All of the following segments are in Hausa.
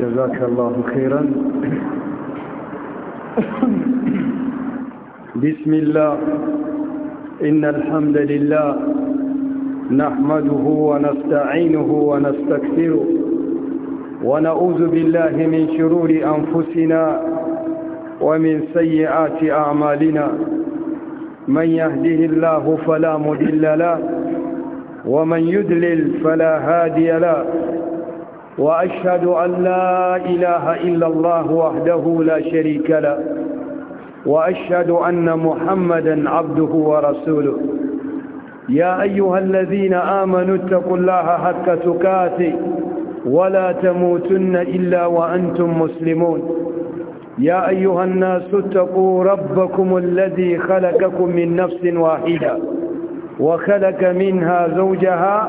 جزاك الله خيرا بسم الله إن الحمد لله نحمده ونستعينه ونستكثره ونعوذ بالله من شرور أنفسنا ومن سيئات أعمالنا من يهده الله فلا مضل له ومن يدلل فلا هادي له وأشهد أن لا إله إلا الله وحده لا شريك له وأشهد أن محمدا عبده ورسوله يا أيها الذين آمنوا اتقوا الله حق تكاته ولا تموتن إلا وأنتم مسلمون يا أيها الناس اتقوا ربكم الذي خلقكم من نفس واحدة وخلق منها زوجها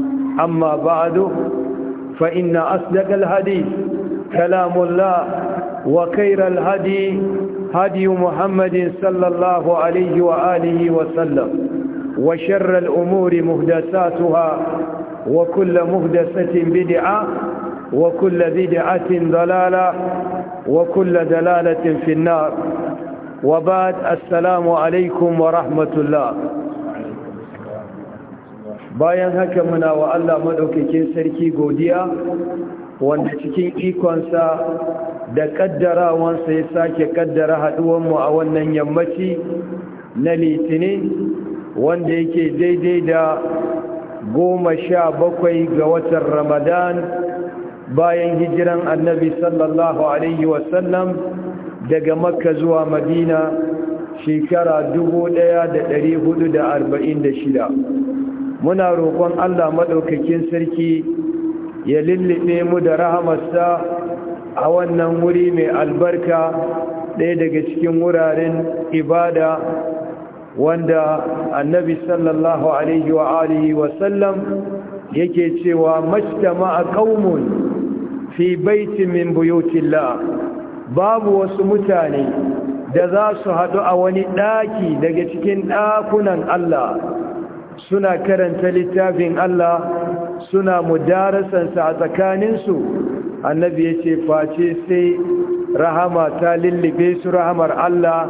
أما بعد فإن أصدق الهدي كلام الله وخير الهدي هدي محمد صلى الله عليه وآله وسلم وشر الأمور مهدساتها وكل مهدسة بدعة وكل بدعة ضلالة وكل دلالة في النار وبعد السلام عليكم ورحمة الله bayan haka muna wa Allah madaukakin sarki godiya wanda cikin ikonsa da kaddarawansa ya sake kaddara mu a wannan yammaci na litinin wanda yake daidai da goma sha bakwai ga watan ramadan bayan hijiran annabi sallallahu alaihi wasallam daga makka zuwa madina shekara dubu da da da arba'in shida. muna roƙon Allah maɗaukakin sarki ya lullube mu da rahamarsa a wannan wuri mai albarka ɗaya daga cikin wuraren ibada wanda annabi sallallahu alaihi wa alihi wasallam yake cewa 'Mashtama a ƙaunun fi baitin min babu wasu mutane da za su haɗu a wani ɗaki daga cikin ɗakunan Allah suna karanta littafin Allah suna mudarasansa a tsakaninsu annabi ya ce face sai rahama ta lullube su rahamar Allah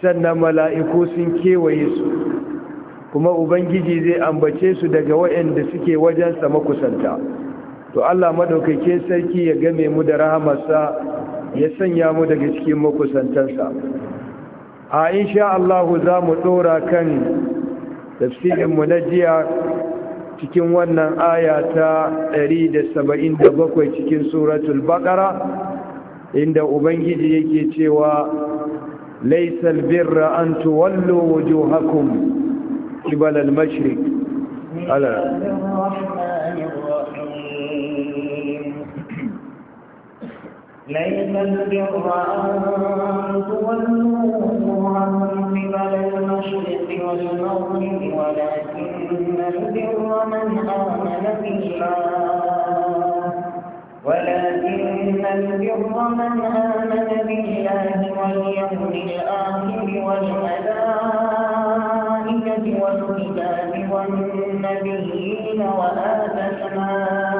sannan mala'iku sun kewaye su kuma ubangiji zai ambace su daga waɗanda suke wajensa makusanta to Allah madaukakin sarki ya game mu da rahamarsa ya sanya mu daga cikin makusantansa a insha Allah za mu ɗora kan tafsirin mu na jiya cikin wannan aya ta 177 cikin suratul baqara inda ubangiji yake cewa laysal birra an tuwallu wujuhakum qibala al-mashriq ala ليس البر أن تولوا عن قبل المشرق والمغرب ولكن البر من آمن بالله ولكن البر من آمن بالله واليوم الآخر والملائكة والكتاب والنبيين وآتى المال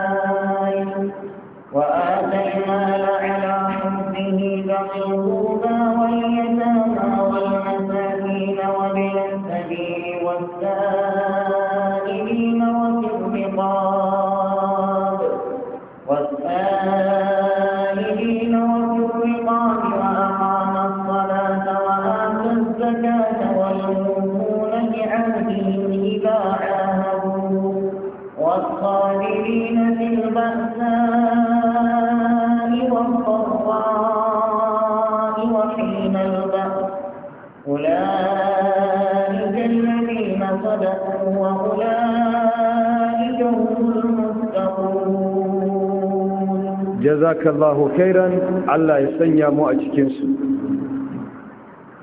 وآت المال على واليتامى والمساكين والسائلين وفي الرقاب jazakallahu khairan Allah ya sanya mu a cikin su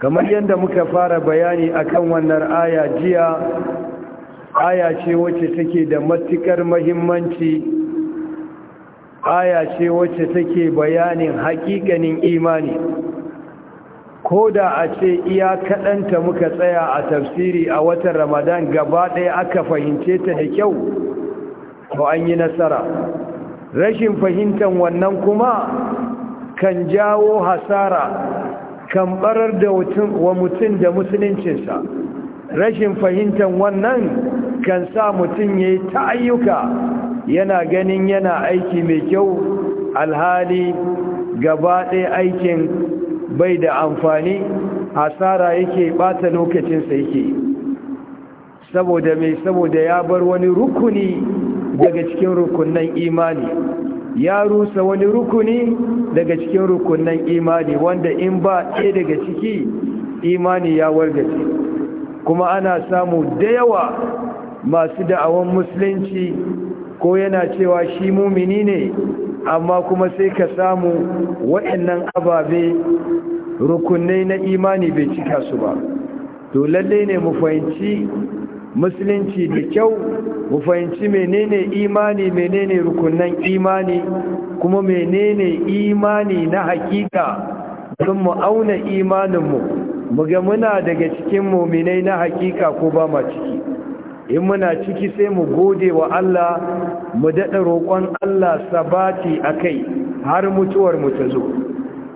kamar yadda muka fara bayani akan wannan aya jiya aya ce wacce take da matukar muhimmanci aya ce wacce take bayanin hakikanin imani ko da a ce iya kaɗanta muka tsaya a tafsiri a watan ramadan gaba ɗaya aka fahimce ta da kyau ko an yi nasara rashin fahimtar wannan kuma kan jawo hasara kan barar da wa mutum da musuluncinsa rashin fahimtar wannan kan sa mutum ya yi ta ayyuka yana ganin yana aiki mai kyau alhali gaba ɗaya aikin bai da amfani hasara yake ɓata lokacinsa yake saboda mai saboda ya bar wani rukuni daga cikin rukunan imani ya rusa wani rukuni daga cikin rukunan imani wanda in ba ɗaya daga ciki imani ya wargace kuma ana samu da yawa masu da'awan musulunci ko yana cewa shi mumini ne amma kuma sai ka samu waɗannan ababe rukunai na imani bai cika su ba to lallai ne mu fahimci musulunci da kyau mu fahimci menene imani menene rukunan imani kuma menene imani na hakika don mu auna imaninmu mu ga muna daga cikin muminai na hakika ko ba ma ciki in muna ciki sai mu gode wa Allah mu daɗa roƙon Allah sabati a kai har mutuwar mu ta zo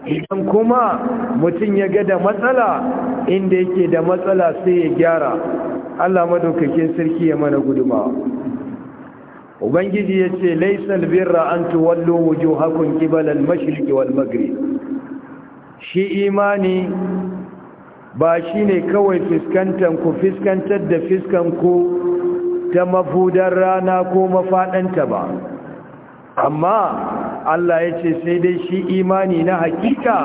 idan kuma mutum ya ga da matsala inda yake da matsala sai ya gyara Allah madaukakin sarki ya mana guduma ubangiji yace laysal birra an tuwallu wujuhakum qibala al-mashriq wal maghrib shi imani ba shine kawai fiskantan ku fiskantar da fiskan ku ta mafudar rana ko mafadanta ba amma Allah yace sai dai shi imani na hakika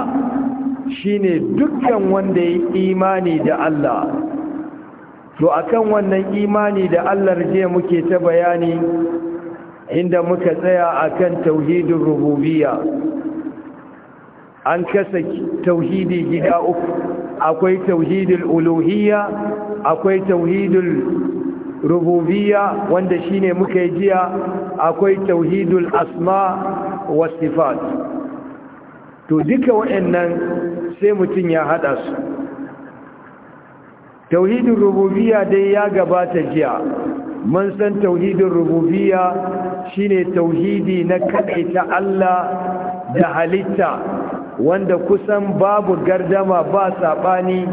shine dukkan wanda ya imani da Allah to akan wannan imani da Allah jiya muke ta bayani inda muka tsaya akan tauhidin rububiyya an kasa tauhidi gida uku akwai tauhidul uluhiyya akwai tauhidul rububiyya wanda shine muka yi jiya akwai tauhidul asma wa sifat to duka waɗannan sai mutum ya hada su tauhidin rububiyya dai ya gabata jiya mun san tauhidin rububiyya shine tauhidi na ta Allah da halitta wanda kusan babu gardama ba sabani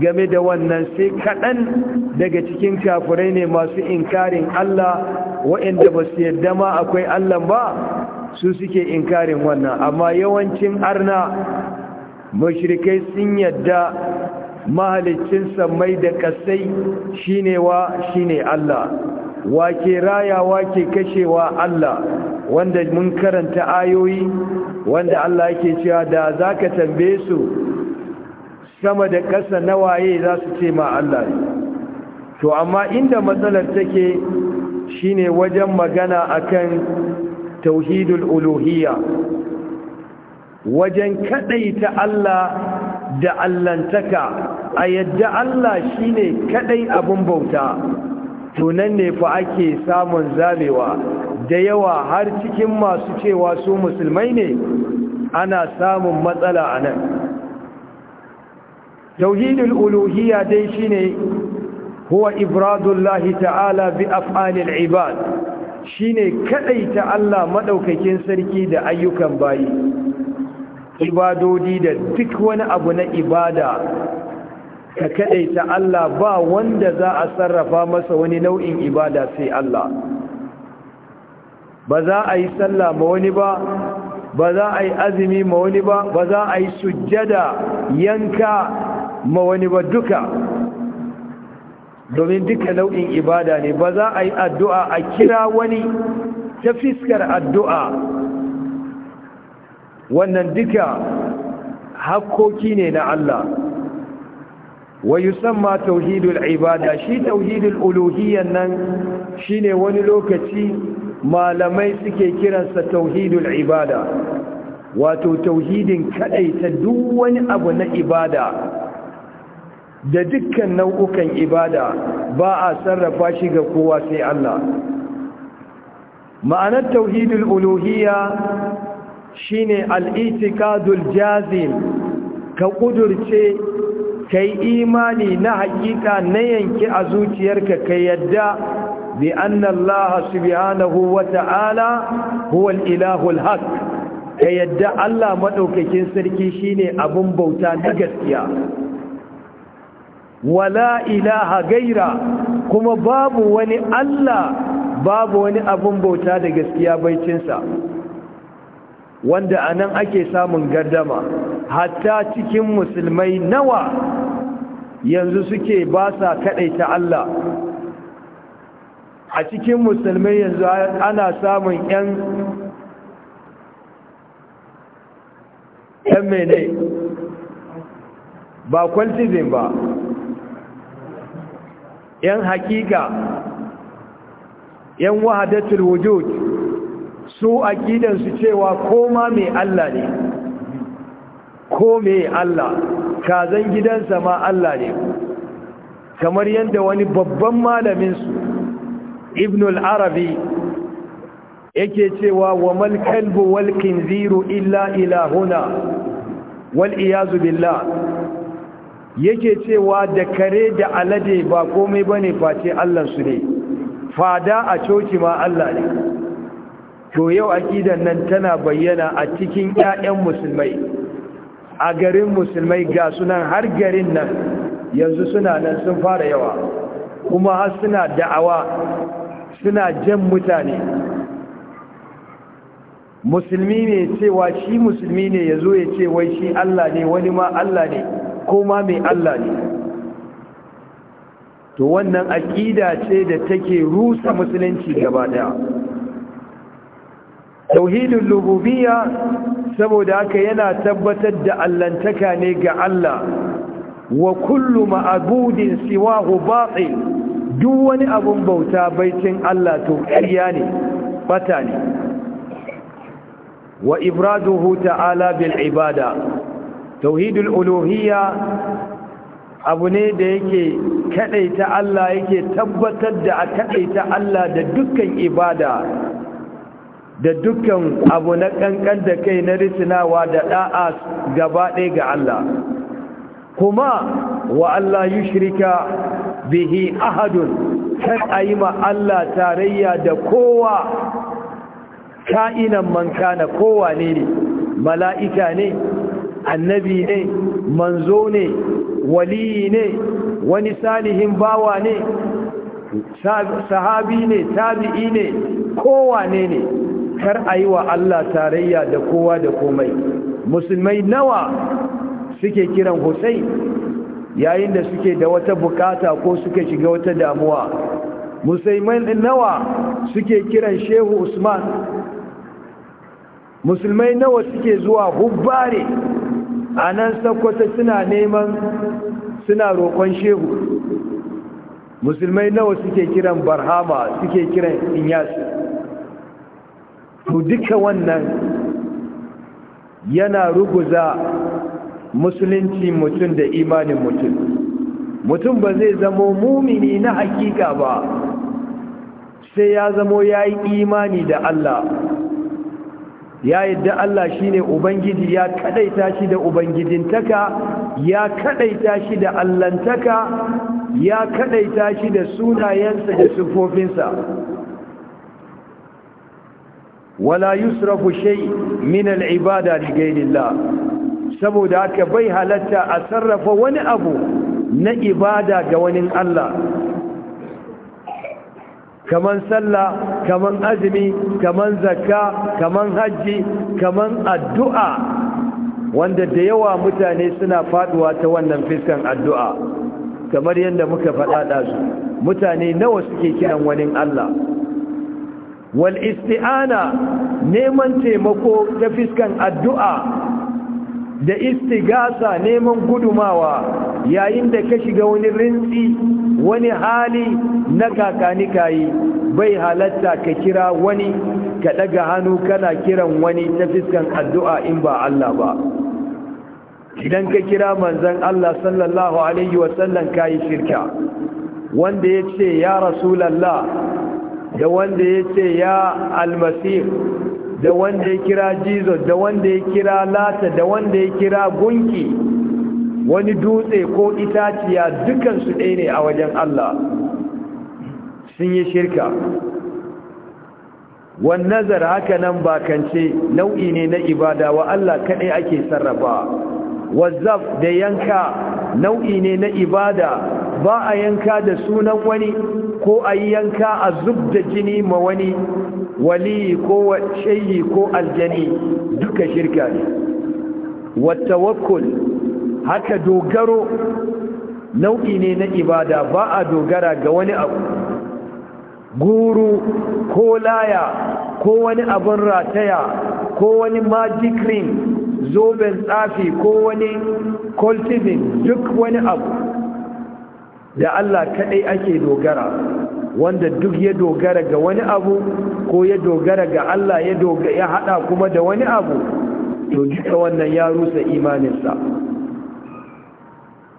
game da wannan sai kaɗan daga cikin kafirai ne masu inkarin Allah waɗanda ba su yadda ma akwai Allah ba su suke inkarin wannan amma yawancin arna mashirikai sun yarda. mahalicin samai da kasai shine wa shine Allah wake ke rayawa kashewa Allah wanda mun karanta ayoyi wanda Allah yake cewa da zaka tambaye su sama da ƙasa na waye za su ce ma Allah to amma inda matsalar take shine wajen magana akan tauhidul uluhiyya wajen kadaita Allah da allantaka a yadda Allah shine kadai abun bauta to ne fa ake samun zamewa da yawa har cikin masu cewa su musulmai ne ana samun matsala a nan tauhidul uluhiyya dai shine huwa ibradullahi ta'ala bi af'alil ibad shine ta Allah madaukakin sarki da ayyukan bayi ibadodi da duk wani abu na ibada ka kadaita Allah ba wanda za a sarrafa masa wani nau'in ibada sai Allah ba za a yi sallah ma wani ba ba za a yi azumi ma wani ba ba za a yi sujjada yanka ma wani ba duka domin duka nau'in ibada ne ba za a yi addu'a a kira wani ta fiskar addu'a wannan duka hakkoki ne na Allah wa yusamma tauhidul ibada shi tauhidul uluhiyyan nan shine wani lokaci malamai suke kiransa tauhidul ibada wato tauhidin kadaita duk wani abu na ibada da dukkan nau'ukan ibada ba a sarrafa shi ga kowa sai Allah ma'anar tauhidul uluhiyya shine al al’itikadul jazim ka ƙudurce, ka yi imani na haƙiƙa na yanki a zuciyarka ka yadda bi anna subhanahu wa ta'ala huwa ilahul haq ka yadda Allah maɗaukakin sarki shi ne abin bauta na gaskiya wala ilaha gaira kuma babu wani Allah babu wani abin bauta da gaskiya baicinsa wanda a nan ake samun gardama hatta cikin musulmai nawa yanzu suke ba sa ta Allah a cikin musulmai yanzu ana samun 'yan ‘yan ba kwaltizin ba ‘yan hakika ‘yan wahadatul wujud su aƙidansu cewa koma mai Allah ne ko mai Allah kazan gidansa ma Allah ne kamar yadda wani babban malaminsu ibn al-arabi yake cewa wa mal kalbu wal kinziru illa ilahuna wal iyazu billah yake cewa da kare da alade ba komai bane face Allah su ne fada a coci ma Allah ne to yau aqidan nan tana bayyana a cikin 'ya'yan musulmai a garin musulmai ga sunan har garin nan yanzu suna nan sun fara yawa kuma har suna da'awa suna jan mutane musulmi ne cewa shi musulmi ne ya zo ya ce wai shi Allah ne wani ma Allah ne ko ma mai Allah ne to wannan aƙida ce da take rusa musulunci gaba daya Tauhidin lububiya saboda haka yana tabbatar da allantaka ne ga Allah wa kullu ma'budin siwahu batil duk wani abun bauta baitin Allah to ƙarya ne bata ne wa ibraduhu ta'ala bil ibada tauhidul uluhiyya abu ne da yake kadaita Allah yake tabbatar da a kadaita Allah da dukkan ibada da dukkan abu na kankan da kai na risinawa da da'a gaba ɗaya ga Allah kuma wa Allah yushrika bihi ahadun kan yi ma Allah tarayya da kowa ka'inan man kana kowa ne ne mala'ika ne annabi ne manzo ne waliyi ne wani salihin bawa ne sahabi ne tabi'i ne kowa ne ne kar a yi wa Allah tarayya da kowa da komai musulmai nawa suke kiran Hussein yayin da suke da wata bukata ko suke shiga wata damuwa musulmai nawa suke kiran Shehu Usman musulmai nawa suke zuwa hubbare a nan sakwata suna neman suna roƙon shehu musulmai nawa suke kiran barhama suke kiran inyasi to duka wannan yana ruguza musulunci mutum da imanin mutum mutum ba zai zamo mumini na hakika ba sai ya zamo ya yi imani da Allah ya yadda Allah shine ubangiji ya kadaita shi da ubangijintaka ya kadaita shi da allantaka ya kadaita shi da sunayensa da sufofinsa wala yusrafu shay min ibada li saboda haka bai halatta a sarrafa wani abu na ibada ga wani Allah kaman sallah kaman azumi kaman zakka kaman haji kaman addu'a wanda da yawa mutane suna faduwa ta wannan fiskan addu'a kamar yadda muka faɗaɗa su mutane nawa suke kiran wani Allah wal isti'ana neman taimako ta fiskan addu'a da istigasa neman gudumawa yayin da ka shiga wani rintsi wani hali na kakanikayi bai halatta ka kira wani ka daga hannu kana kiran wani ta fiskan addu'a in ba Allah ba idan ka kira manzon Allah sallallahu alaihi wasallam kayi shirka wanda ya ce ya rasulallah da wanda ya ce ya almasir da wanda ya kira jesus da wanda ya kira lata da wanda ya kira gunki wani dutse ko itaciya dukansu ɗaya ne a wajen allah sun yi shirka Wani nazar haka nan bakance nau'i ne na ibada wa allah kaɗai ake sarrafa wazzaf da yanka nau'i ne na ibada ba a yanka da sunan wani ko a yi yanka a zub da jini ma wani wali ko shayi ko aljani duka shirka ne wattawakkul haka dogaro nau'i ne na ibada ba a dogara ga wani abu guru ko laya ko wani abin rataya ko wani magic ring zoben tsafi ko wani cultism duk wani abu da Allah kaɗai ake dogara wanda duk ya dogara ga wani abu ko ya dogara ga Allah ya haɗa kuma da wani abu to duka wannan ya rusa imaninsa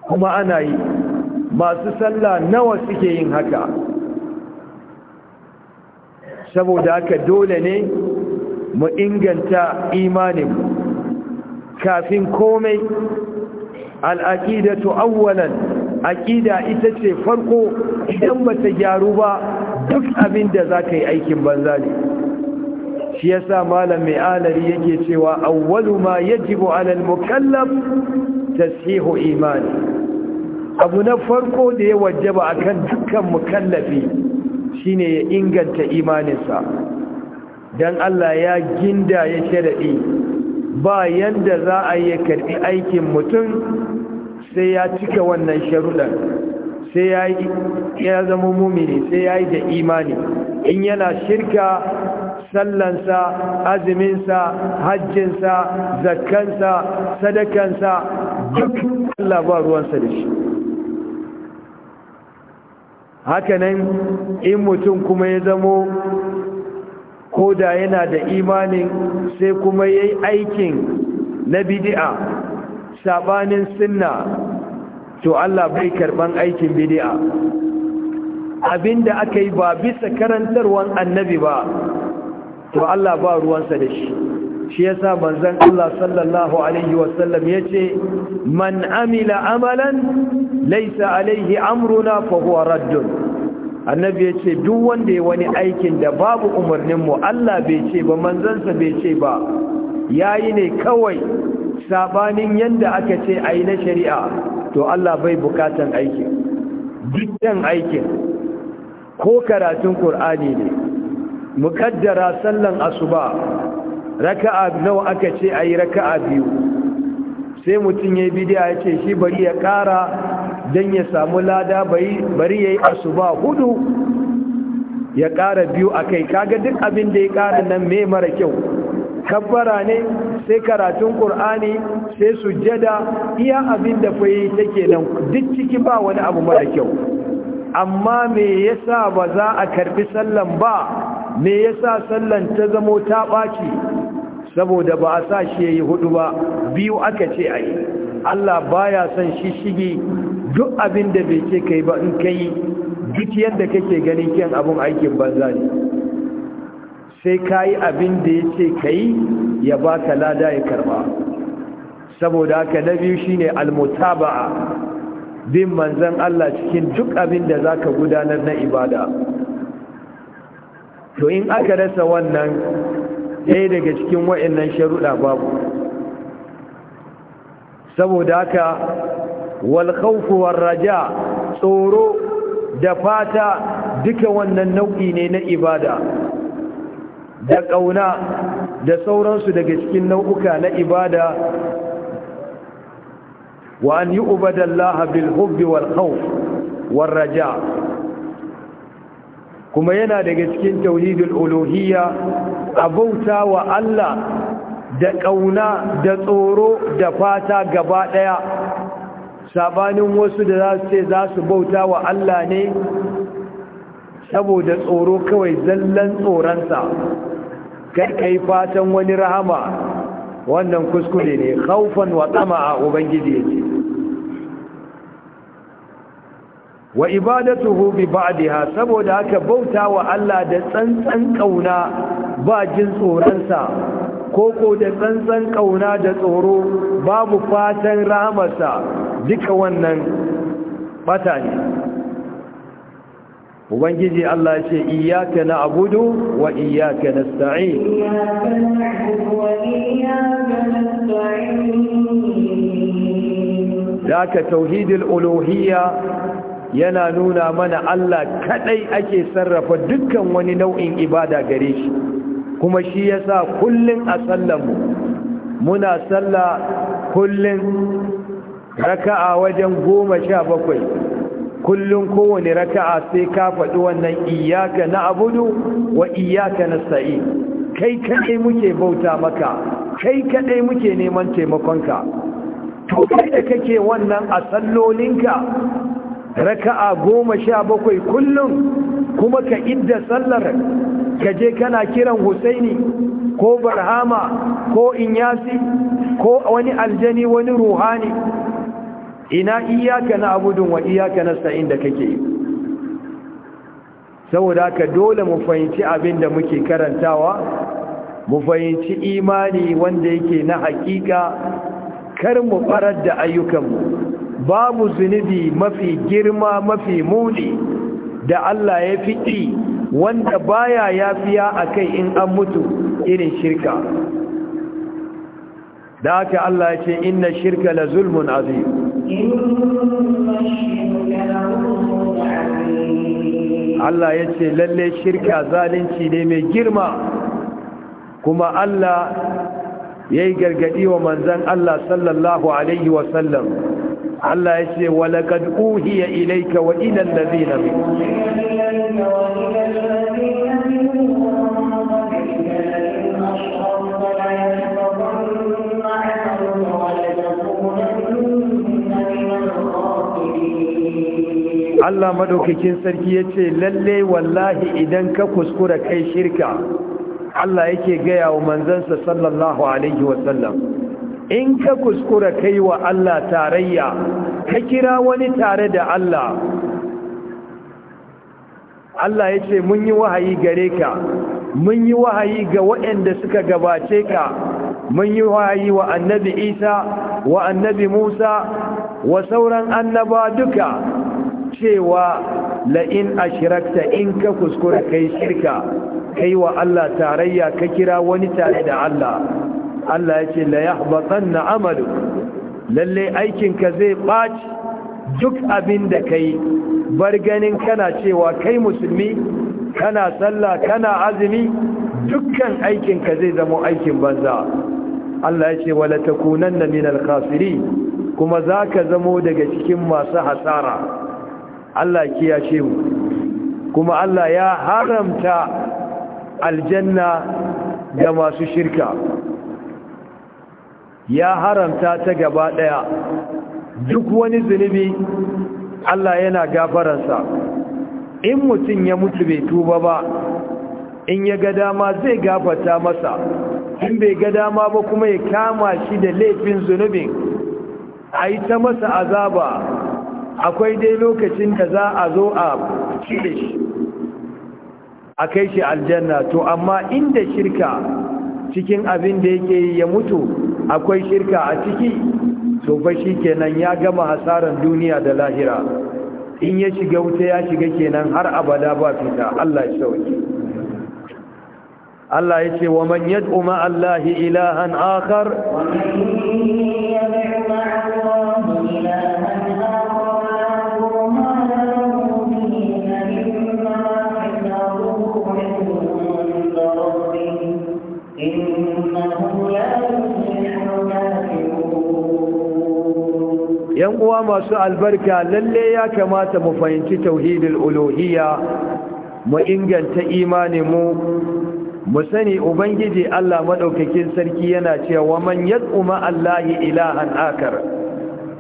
kuma ana yi masu sallah nawa suke yin haka saboda haka dole ne mu inganta imanin kafin komai al'aƙidatu awwalan aƙida ita ce farko idan ba ta gyaru ba duk abin da za ka yi aikin banza ne shi ya sa malam mai alari yake cewa awwalu ma yajibu alal mukallaf tasihu imani abu na farko da ya wajaba akan dukkan mukallafi shine ya inganta imaninsa dan Allah ya ginda ya sharadi ba yanda za a yi karɓi aikin mutum sai ya cika wannan sharuɗar sai ya ya zama mumini sai ya yi da imani in yana shirka sallansa azuminsa hajjinsa zakkansa sadakansa duk Allah ba ruwansa da shi hakanan in mutum kuma ya zamo ko da yana da imanin sai kuma ya yi aikin na bidi'a sabanin sunna to Allah bai karban aikin bidi'a abinda aka yi ba bisa karantarwan annabi ba to Allah ba ruwansa da shi shi yasa manzon Allah sallallahu alaihi wasallam yace man amila amalan Laisa alaihi amruna fa huwa raddun annabi yace duk wanda ya wani aikin da babu umarnin mu Allah bai ce ba manzansa bai ce ba yayi ne kawai sabanin yanda aka ce ayi na shari'a to Allah bai bukatan aikin dukkan aikin ko karatun ƙur'ani ne mukaddara sallan asuba raka'a nawa aka ce ayi raka'a biyu sai mutum ya yi bidiya ya ce shi bari ya ƙara don ya samu lada bari ya yi asuba hudu ya ƙara biyu a kai kaga duk abin da ya ƙara nan mai mara kyau kabbara ne sai karatun ƙur'ani sai sujjada iya abin da fa yi take nan duk ciki ba wani abu mara kyau amma me yasa ba za a karbi sallan ba me yasa sallan ta zamo ta ɓaci saboda ba a sa shi ya yi hudu ba biyu aka ce a yi. Allah baya son shi shige duk abin da bai ce kai ba in kai duk yadda kake ganin kyan abin aikin banza ne sai kayi abin da ya ce kai ya baka lada ya karba saboda haka na biyu shine almutaba'a bin manzan Allah cikin duk abin da ka gudanar na ibada to in aka rasa wannan ɗaya daga cikin wa'annan sharuɗa babu saboda haka wal raja tsoro da fata duka wannan nau'i ne na ibada da ƙauna da sauransu daga cikin nau'uka na ibada wa an yi ubadallaha bil hubbi wal khawf war raja kuma yana daga cikin tauhidul uluhiyya a bauta wa Allah da ƙauna da tsoro da fata gaba ɗaya sabanin wasu da za su ce za su bauta wa Allah ne saboda tsoro kawai zallan tsoronsa kai fatan wani rahama wannan kuskure ne haufan wa tsama a ubangiji ce. wa ibadatuhu bi ba'daha saboda haka bauta wa Allah da tsantsan kauna ba jin tsoronsa koko da tsantsan kauna da tsoro babu fatan ramarsa duka wannan bata ne ubangiji Allah ce iyyaka na'budu wa iyyaka nasta'in iyyaka na'budu wa iyyaka nasta'in da ka tauhidul uluhiyya yana nuna mana Allah kadai ake sarrafa dukkan wani nau'in ibada gare shi kuma shi yasa kullun a sallanmu muna salla kullun raka'a wajen goma kullun kowane raka'a sai ka faɗi wannan iyaka na abudu wa iyaka na kai kadai muke bauta maka kai kadai muke neman taimakonka to kai da kake wannan a sallolinka raka'a goma sha bakwai kullum kuma ka idda sallar ka je kana kiran husaini ko barhama ko inyasi ko wani aljani wani ruhani ina iyaka na abudun wa iyaka na sa'in da kake yi saboda ka dole mu fahimci abin da muke karantawa mu fahimci imani wanda yake na hakika kar mu farar da ayyukanmu babu zunubi mafi girma mafi muni da Allah ya fiƙi wanda baya yafiya akai in an mutu irin shirka da aka Allah ya ce inna shirka la zulmun azim Allah ya ce lalle shirka zalunci ne mai girma kuma Allah ya yi gargadi wa manzan Allah sallallahu Alaihi wasallam Allah ya ce wa laqad uhiya ilayka wa ila alladhina min Allah madaukakin sarki ya ce lalle wallahi idan ka kuskura kai shirka Allah yake gaya wa manzansa sallallahu alaihi wasallam in ka kuskura kai wa Allah tarayya ka kira wani tare da Allah Allah ya ce mun yi wahayi gare ka mun yi wahayi ga waɗanda suka gabace ka mun yi wahayi wa annabi Isa wa annabi Musa wa sauran annaba duka cewa la'in ashrakta in ka kuskura kai shirka kai wa Allah tarayya ka kira wani tare da Allah Allah ya ce la na amalu lalle aikinka zai ɓaci duk abin da yi. bar ganin kana cewa kai musulmi kana sallah kana azumi dukkan aikinka zai zama aikin banza Allah ya ce wala takunanna minal khasirin kuma zaka zamo daga cikin masu hasara Allah kiyashe mu kuma Allah ya haramta aljanna ga masu shirka ya haramta ta gaba ɗaya duk wani zunubi Allah yana gafararsa in mutum ya mutu bai tuba ba in ya ga dama zai gafarta masa in bai ga dama ba kuma ya kama shi da laifin zunubin a yi ta masa azaba akwai dai lokacin da za a zo a cire shi a kai shi aljanna to amma inda shirka cikin abin da yake ya mutu akwai shirka a ciki to fa kenan ya gama hasaran duniya da lahira in ya shiga wuta ya shiga kenan har abada ba fita Allah ya sauke Allah ya ce wa man yad'u ma'allahi ilahan akhar wa man uwa masu albarka lalle ya kamata mu fahimci tauhidul uluhiyya mu inganta imani mu mu sani ubangiji Allah madaukakin sarki yana cewa man yad'u Allahi ilahan akar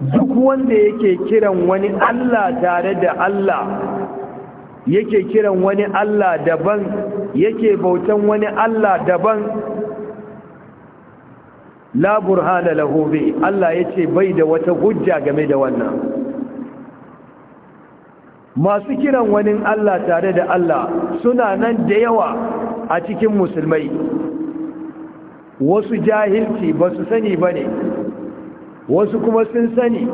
duk wanda yake kiran wani Allah tare da Allah yake kiran wani Allah daban yake bautan wani Allah daban la burhana lahu bi Allah yace bai da wata hujja game da wannan masu kiran wani Allah tare da Allah suna nan da yawa a cikin musulmai wasu jahilci ba su sani ba ne wasu kuma sun sani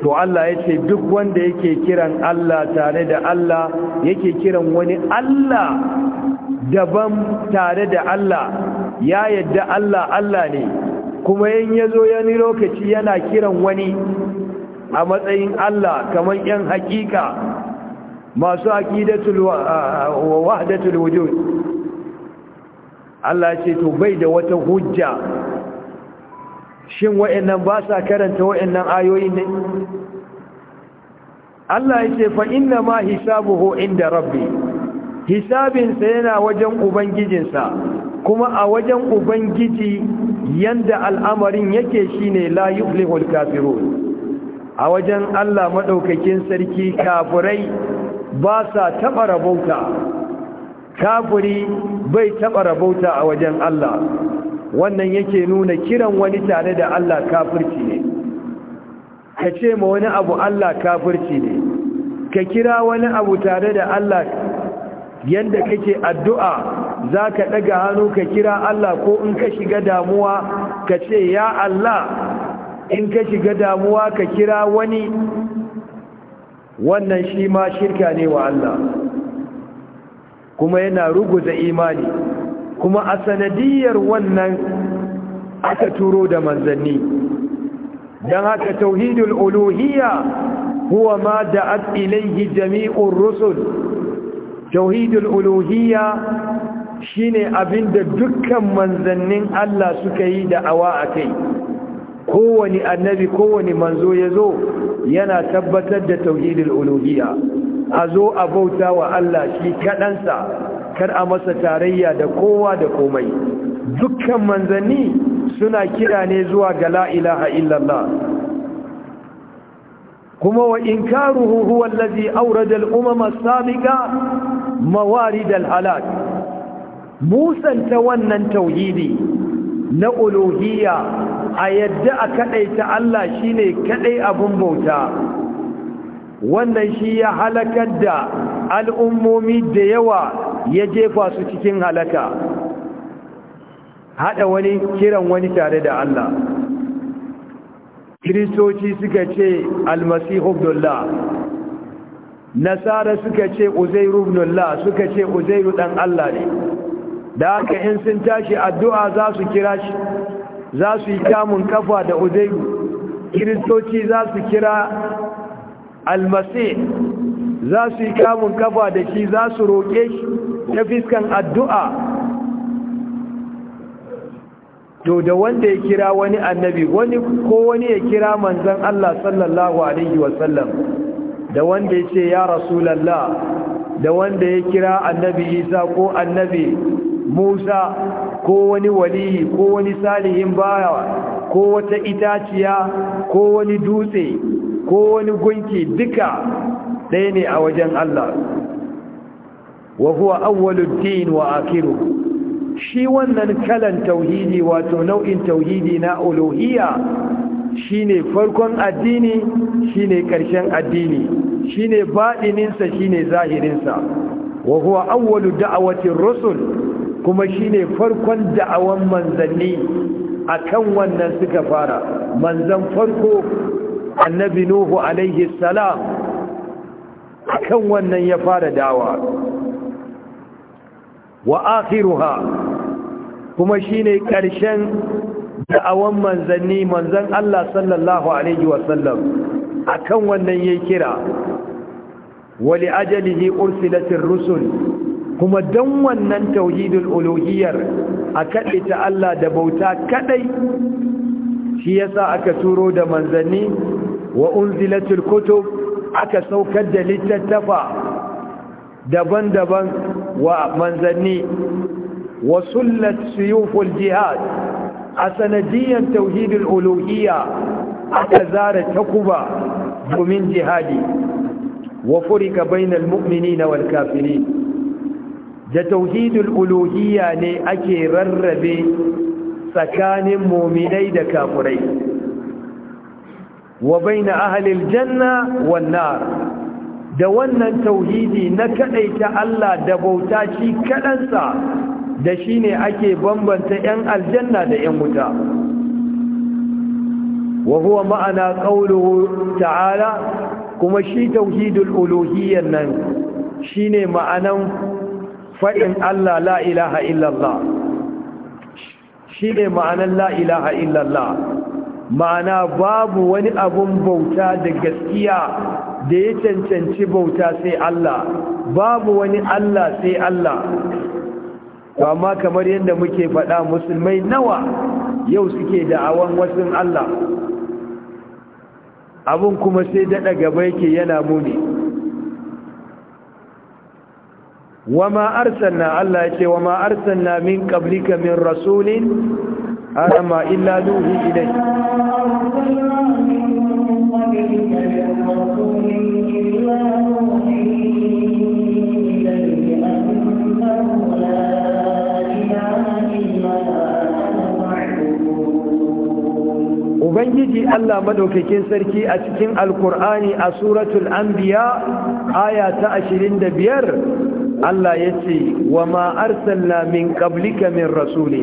to Allah ya ce duk wanda yake kiran Allah tare da Allah yake kiran wani Allah daban tare da Allah ya yadda Allah Allah ne kuma in ya zo yani lokaci yana kiran wani a matsayin Allah kamar yan hakika masu aqidatul wahdatul wujud Allah ce to bai da wata hujja shin wa'annan ba sa karanta wa'annan ayoyi ne Allah ya ce fa inna ma hisabuhu inda rabbi hisabinsa yana wajen ubangijinsa kuma a wajen ubangiji yanda al'amarin yake shine la yuflihul kafirun a wajen Allah madaukakin sarki kafirai ba sa taba rabauta kafiri bai taba rabauta a wajen Allah wannan yake nuna kiran wani tare da Allah kafirci ne ka ce ma wani abu Allah kafirci ne ka kira wani abu tare da Allah yanda kake addu'a za ka ɗaga hannu ka kira Allah ko in ka shiga damuwa ka ce ya Allah in ka shiga damuwa ka kira wani wannan shi ma shirka ne wa Allah kuma yana ruguza imani kuma a sanadiyar wannan aka turo da manzanni don haka tauhidul uluhiyya huwa ma da'at ilayhi jami'ur rusul tauhidul uluhiyya shine abinda dukkan manzannin Allah suka yi da'awa kai, kowane annabi kowane manzo ya zo, yana tabbatar da tauhidul uluhiyya zo a bauta wa Allah shi kaɗansa, kar a masa tarayya da kowa da komai dukkan manzanni suna kira ne zuwa ga la ilaha illallah kuma wa inkaruhu huwa allazi awrada al-umama as-sabiqa mawarid al-halak Musan ta wannan tauhidi na uluhiyya a yadda a kadaita Allah shine kadai abun bauta wannan shi ya halakar da al'ummomi da yawa ya jefa su cikin halaka hada wani kiran wani tare da Allah kiristoci suka ce almasihu abdullah nasara suka ce uzairu abdullah suka ce uzairu dan Allah ne da haka in sun tashi addu'a za su kira shi za su yi kamun kafa da uzairu kiristoci za su kira almasi za su yi kamun kafa da shi za su roƙe shi ta fiskan addu'a to da wanda ya kira wani annabi wani ko wani ya kira manzan Allah sallallahu Alaihi wasallam da wanda ya ce ya rasulallah da wanda ya kira annabi isa ko annabi musa ko wani waliyi ko wani salihin baya ko wata itaciya ko wani dutse ko wani gunki duka ɗaya ne a wajen Allah wa huwa awwalud din wa akiru shi wannan kalan tauhidi wato nau'in tauhidi na uluhiyya shine farkon addini shine karshen addini shine baɗininsa shine zahirinsa wa huwa awwalud da'awati rusul kuma shine farkon da'awan manzanni kan wannan suka fara manzan farko annabi nuhu alaihi salam a kan wannan ya fara dawa wa akhiruha kuma shine karshen da'awan manzanni manzan Allah sallallahu alaihi wasallam a kan wannan ya kira wali ajalihi ursilatir rusul kuma don wannan tauhidul uluhiyyar a kaɗe Allah da bauta kaɗai shi yasa aka turo da manzanni wa unzilatul kutub aka saukar da littattafa daban-daban wa manzanni wa sullat suyuful jihad a sanadiyyar tauhidul uluhiyya aka zara takuba domin jihadi wa furika bainal mu'minina wal kafirin da tauhidul uluhiyya ne ake rarrabe tsakanin muminai da kafurai wa baina ahalil janna wan nar da wannan tauhidi na ta Allah da bauta shi kadansa da shine ake bambanta yan aljanna da yan wuta wa huwa ma'ana qawluhu ta'ala kuma shi tauhidul uluhiyyan nan shine ma'anan faɗin Allah la ilaha illallah shi ne ma'anar la ilaha illallah ma'ana babu wani abun bauta da gaskiya da ya cancanci bauta sai Allah babu wani Allah sai Allah amma kamar yadda muke faɗa musulmai nawa yau suke da'awan wasu Allah abun kuma sai daɗa gaba yake yana muni wama arsalna Allah yake wama arsalna min qablika min rasulin arama illa duhi ilai Ubangiji Allah madaukakin sarki a cikin Alkur'ani a suratul Anbiya aya ta biyar. Allah ya ce wa ma arsalna min ƙablika min rasuli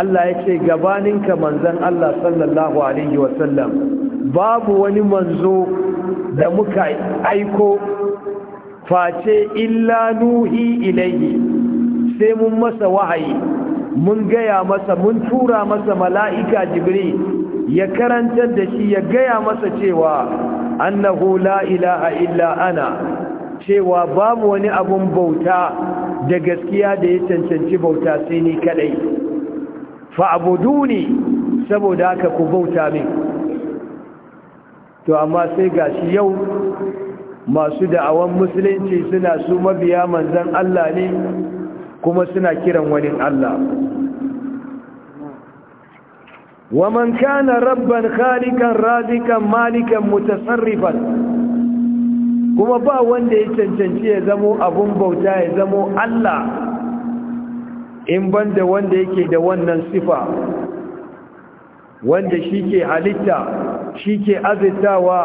Allah ya ce gabaninka manzon Allah sallallahu alaihi wasallam babu wani manzo da muka aiko face illa nuhi ilayhi sai mun masa wahayi mun gaya masa mun tura masa mala'ika jibril ya karantar da shi ya gaya masa cewa annahu la ilaha illa ana cewa babu wani abun bauta da gaskiya da ya cancanci bauta sai ni kadai fa'buduni saboda haka ku bauta min to amma sai gashi yau masu da'awan musulunci suna su mabiya manzan Allah ne kuma suna kiran wani Allah waman kana rabban khalikan razikan malikan mutasarrifan kuma ba wanda ya cancanci ya zamo abun bauta ya zamo Allah in banda wanda yake da wannan sifa wanda shi ke halitta shi ke azitawa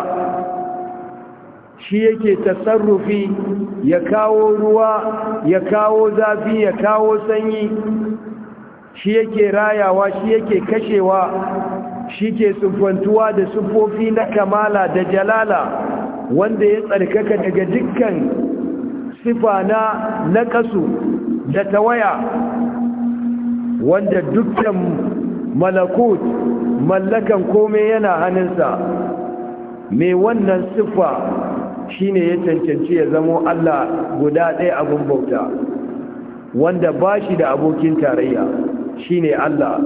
shi yake tasarrufi ya kawo ruwa ya kawo zafi ya kawo sanyi shi yake rayawa shi yake kashewa shi ke sufantuwa da sufofi na kamala da jalala wanda ya tsarkaka daga dukkan sifa na nakasu da tawaya wanda dukkan malakut mallakan kome yana hannunsa mai wannan siffa shine ya cancanci ya zamo Allah guda ɗaya abin bauta wanda ba shi da abokin tarayya shine Allah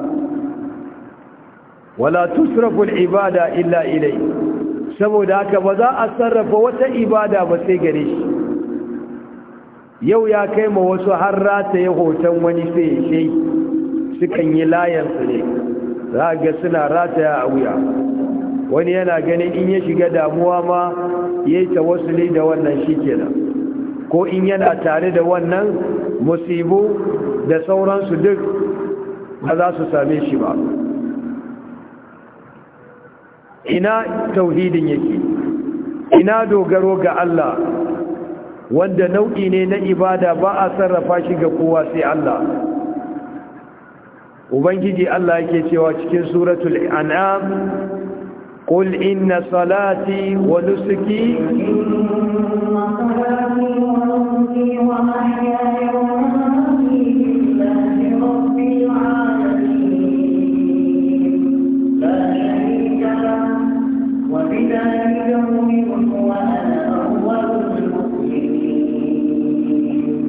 wala tusraful ibada illa ilai saboda haka ba za a sarrafa wata ibada ba sai gare shi yau ya kai ma wasu har rataye hoton wani sai sai sukan yi layansu ne za a ga suna rataya a wuya wani yana ganin in ya shiga damuwa ma ya yi tawassuli da wannan shi kenan ko in yana tare da wannan musibu da sauransu duk ba za su same shi ba ina tauhidin yake ina dogaro ga Allah wanda nau'i ne na ibada ba a sarrafa shi ga kowa sai Allah ubangiji Allah yake cewa cikin suratul an'am qul inna salati wa nusuki wa nusuki wa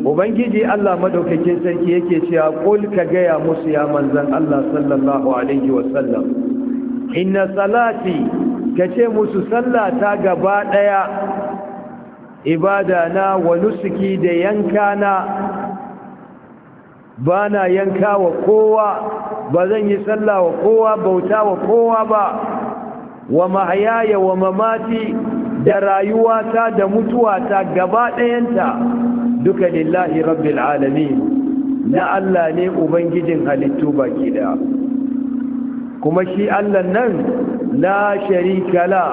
Ubangiji Allah madaukakin sarki yake cewa qul ka gaya musu ya manzan Allah sallallahu alaihi wasallam inna salati kace musu sallata gaba daya na wa nusuki da yanka na, bana yanka wa kowa ba zan yi sallah wa kowa bauta wa kowa ba wa mahayaya wa mamati da rayuwata da mutuwata gaba ɗayanta duka lillahi rabbil na Allah ne ubangijin halittu baki da kuma shi Allah nan la sharikala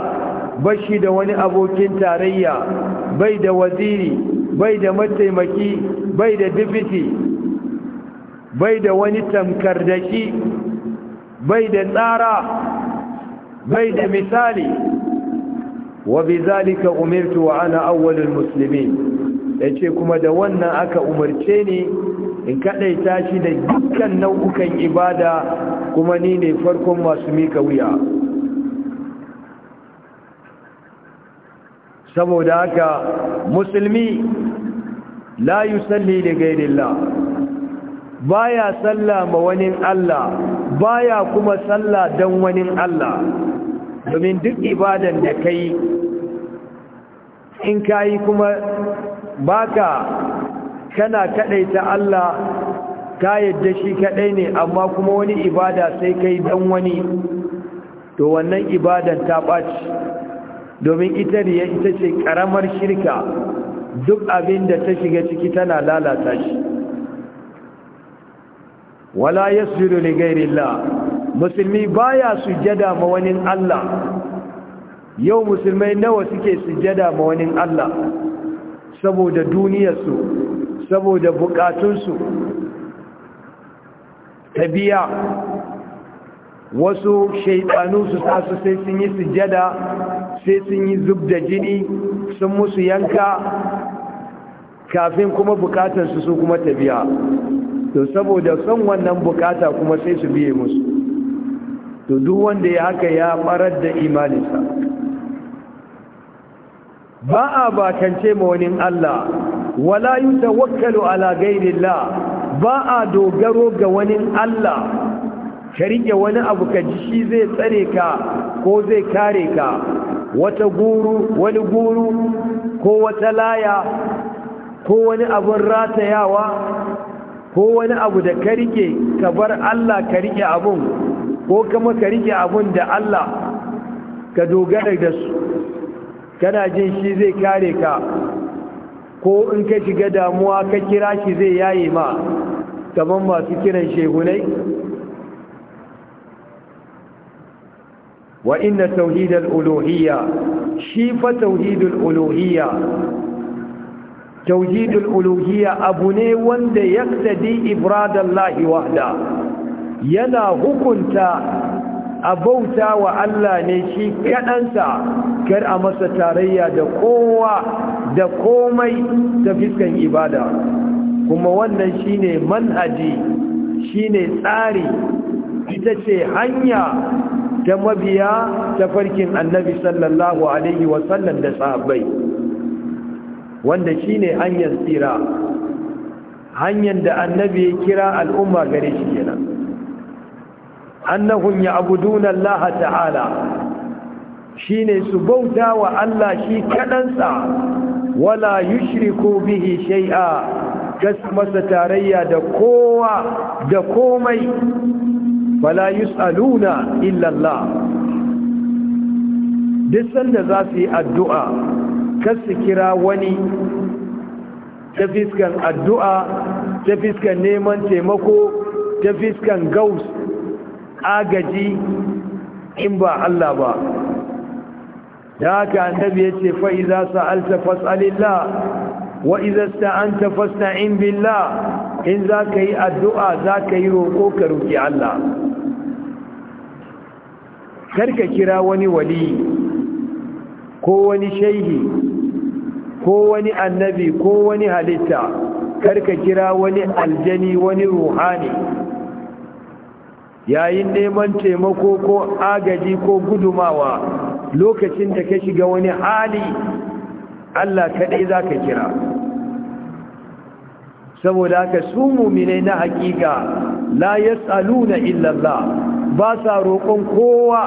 bashi da wani abokin tarayya bai da waziri bai da mataimaki bai da dubiti bai da wani tamkar daki bai da tsara bai da misali wa bi zalika umirtu wa ana awwalul muslimin yace kuma da wannan aka umarce ni in kadaita shi da dukkan nau'ukan ibada kuma ni ne farkon masu mika wuya saboda haka musulmi la yusalli li ghairillah baya salla ma wani Allah baya kuma salla dan wani Allah domin duk ibadan da ka yi in ka yi kuma baka kana ta Allah ka yadda shi kaɗai ne amma kuma wani ibada sai kai dan wani to wannan ibadan ta ɓaci domin ita ne ita ce ƙaramar shirka duk abin da ta shiga ciki tana lalata shi wala yasiru li ghairillah musulmi baya sujada ma wani Allah yau musulmai nawa suke sujada ma wani Allah saboda duniyarsu saboda bukatunsu tabiya wasu shaidanu su tasu sai sun yi sujada, sai sun yi zub da jini sun musu yanka kafin kuma bukatarsu su kuma tabiya to saboda son wannan bukata kuma sai su biye musu to duk wanda ya haka ya barar da imaninsa ba a bakance ma wani Allah wala yutawakkalu ala ghairillah ba a dogaro ga wani Allah ka rike wani abu ka ji shi zai tsare ka ko zai kare ka wata guru wani guru ko wata laya ko wani abun ratayawa ko wani abu da ka rike ka bar Allah ka rike abun ko kama ka rike abun da Allah ka dogara da su kana jin shi zai kare ka ko in ka shiga damuwa ka kira shi zai yaye ma kamar masu kiran shehunai wa inna tauhidal uluhiyya shi fa tauhidul uluhiyya tauhidul uluhiyya abu ne wanda yaktadi ibradallahi wahda yana hukunta a bauta wa Allah ne shi kaɗansa kar a masa tarayya da kowa da komai ta fiskan ibada kuma wannan shine manhaji shine tsari ita ce hanya ta mabiya ta farkin annabi sallallahu alaihi wasallam da sahabbai wanda shine hanyar tsira hanyar da annabi ya kira al'umma gare shi ya ya'buduna Allah ta'ala shine su bauta wa Allah shi kaɗansa. wala ko bihi shai'a, kas masa tarayya da kowa da komai wala yusaluna illa illallah. duk sanda za su yi addu'a kas su kira wani ta fiskan addu'a ta fiskan neman taimako ta fiskan gaus agaji in ba Allah ba da haka annabi ya ce fa iza sa'alta fas'alillah wa iza sta'anta fasta'in billah in za ka yi addu'a za ka yi roƙo ka roƙi Allah karka kira wani wali ko wani shaihi ko wani annabi ko wani halitta karka kira wani aljani wani ruhani yayin neman taimako ko agaji ko gudumawa lokacin da ka shiga wani hali Allah kaɗai za ka kira saboda haka su mumine na hakika la tsalu na illallah, ba sa roƙon kowa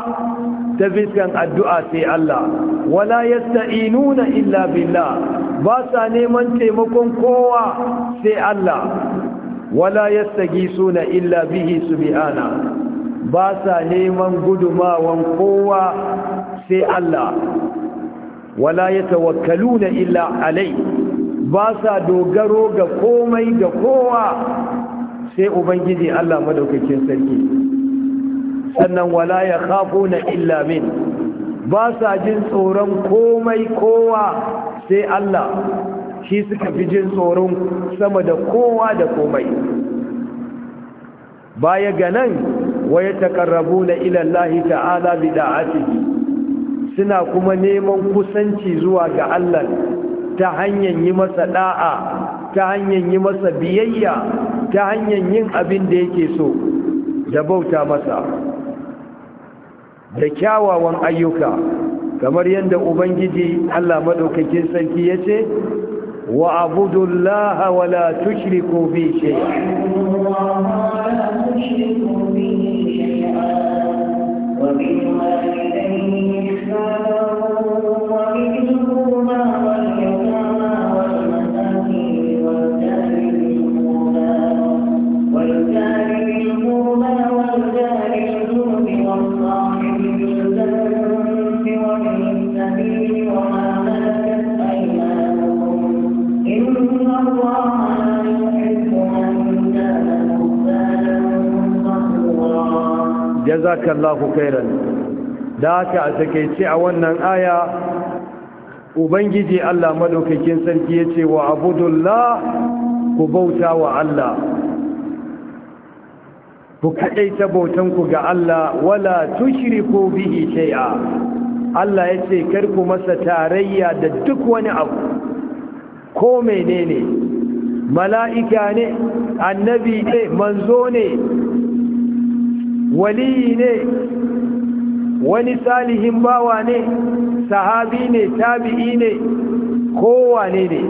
ta fiskan addu'a sai Allah wala yasta'inuna illa billah ba sa neman taimakon kowa sai Allah wala yastagisuna illa bihi subhana ba sa neman gudumawan kowa sai Allah wala yatawakkaluna illa alai ba sa dogaro ga komai ga kowa sai ubangiji Allah madaukakin sarki sannan wala yakhafuna illa min ba sa jin tsoron komai kowa sai Allah shi suka fi jin tsoron sama da kowa da komai baya ga nan waya takarrabu na ilallahi ta'ala bi da'atihi suna kuma neman kusanci zuwa ga Allah ta hanyar yi masa da'a ta hanyar yi masa biyayya ta hanyar yin abin da yake so da bauta masa da kyawawan ayyuka kamar yadda ubangiji Allah maɗaukakin sarki ya ce واعبدوا الله ولا تشركوا به شيئا jazakallahu khairan da haka a takeice a wannan aya ubangiji Allah madaukakin sarki yace wa abudullah ku bauta wa Allah ku ta bautan ku ga Allah wala tushriku bihi shay'a Allah yace kar ku masa tarayya da duk wani abu ko menene mala'ika ne annabi ne manzo ne waliyi ne wani salihin bawa ne sahabi ne tabi'i ne kowane ne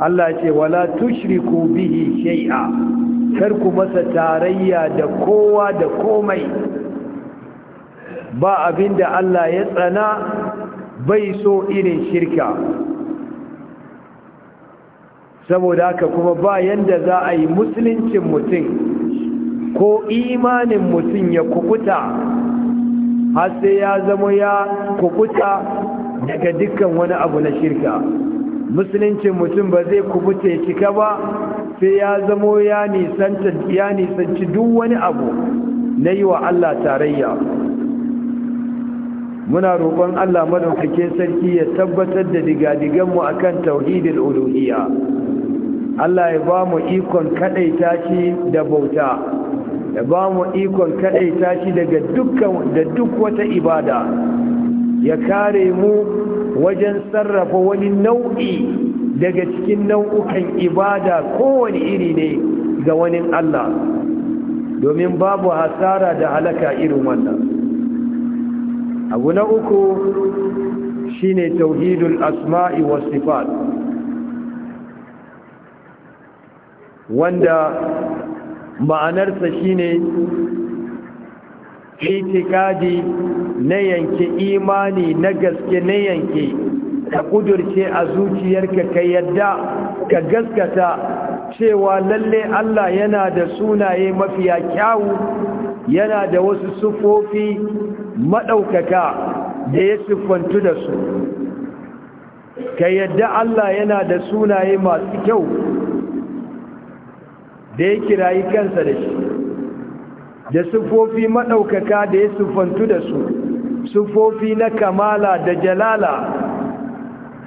Allah ce wala tushriku bihi shay'a kar ku masa tarayya da kowa da komai ba abinda Allah ya tsana bai so irin shirka saboda haka kuma ba yanda za a yi musuluncin mutum ko imanin mutum ya kubuta har sai ya zama ya kubuta daga dukkan wani abu na shirka musuluncin mutum ba zai kubuta ya cika ba sai ya zamo ya nisanci duk wani abu na yi wa Allah tarayya muna roƙon Allah madaukakin sarki ya tabbatar da digadiganmu kan Tauhidin uluhiyya Allah ya ba mu ikon kadaita shi da bauta da ba mu ikon kaɗaita shi daga da duk wata ibada ya kare mu wajen sarrafa wani nau'i daga cikin nau'ukan ibada kowane iri ne ga wani Allah domin babu hasara da halaka irin wannan abu na uku shine tauhidul asma'i was sifat wanda ma'anarsa shine itikadi na yanke imani na gaske na yanke ka kudurce a zuciyarka ka yadda ka gaskata cewa lalle Allah yana da sunaye mafiya kyawu yana da wasu sufofi maɗaukaka da ya sifantu da su ka yadda Allah yana da sunaye masu kyau da ya kirayi kansa da shi da sufofi maɗaukaka da ya sufantu da su sufofi na kamala da jalala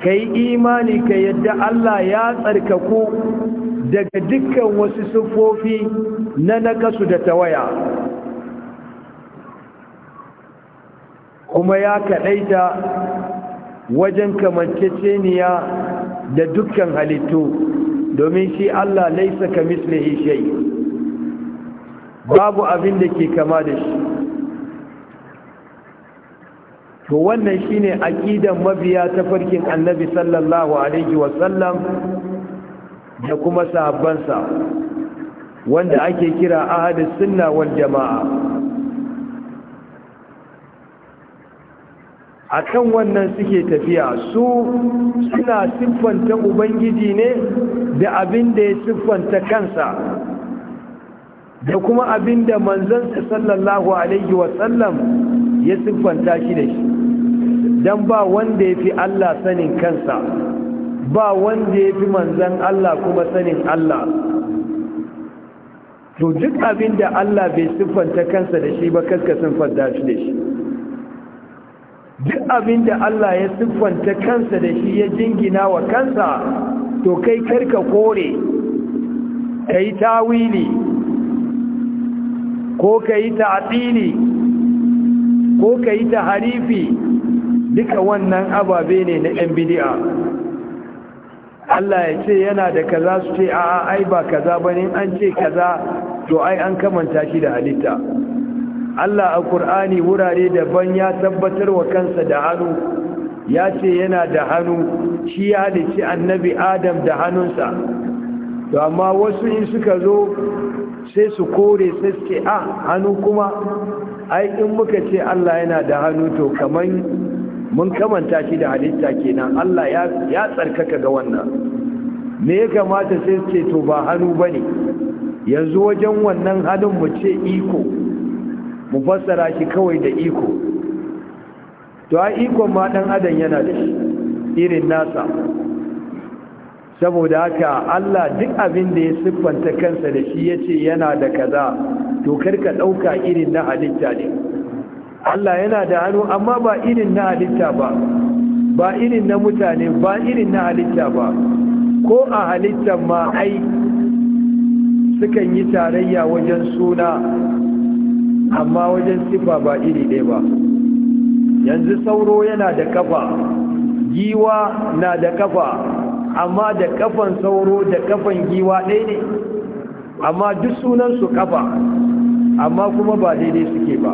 ka yi imani ka yadda Allah ya tsarkaku daga dukkan wasu sufofi na nakasu da tawaya kuma ya kaɗaita wajen kamanceceniya da dukkan halittu domin shi Allah laisa ka mislihi shay babu abin da ke kama da shi to wannan shine aqidan mabiya ta farkin annabi sallallahu alaihi wasallam da kuma sahabbansa wanda ake kira ahadus sunna wal jamaa akan wannan suke tafiya su suna siffanta ubangiji ne da abin da ya siffanta kansa da kuma abin da manzansa sallallahu alaihi wasallam ya siffanta shi da shi don ba wanda ya fi Allah sanin kansa ba wanda ya fi manzan Allah kuma sanin Allah to duk abin da Allah bai siffanta kansa da shi ba kaskasin fadda shi da shi duk abin da Allah ya siffanta kansa da shi ya jingina wa kansa to kai karka kore ka yi tawili ko ka yi ta'atili ko ka yi harifi duka wannan ababe ne na ɗan bidi'a Allah ya ce yana da kaza su ce a'a ai ba kaza bane an ce kaza to ai an kamanta shi da halitta Allah a Kur'ani wurare daban ya tabbatar wa kansa da hannu ya ce yana da hannu shi ya halici annabi Adam da hannunsa to amma wasu in suka zo sai su kore sai suke a ah, hannu kuma ai in muka ce Allah yana da hannu to kaman mun kamanta shi da halitta kenan Allah ya tsarkaka ga wannan me ya kamata sai suke to ba hannu bane yanzu wajen wannan hannun mu ce iko mu fassara shi kawai da iko to a ikon ma dan adam yana da shi irin nasa saboda haka Allah duk abin da ya siffanta kansa da shi yace yana da kaza to karka dauka irin na halitta ne Allah yana da hannu amma ba irin na halitta ba ba irin na mutane ba irin na halitta ba ko a halittar ma ai sukan yi tarayya wajen suna amma wajen sifa ba iri ɗaya ba yanzu sauro yana da kafa giwa na da kafa amma da kafan sauro da kafan giwa ɗaya ne amma duk sunansu kafa amma kuma ba daidai suke ba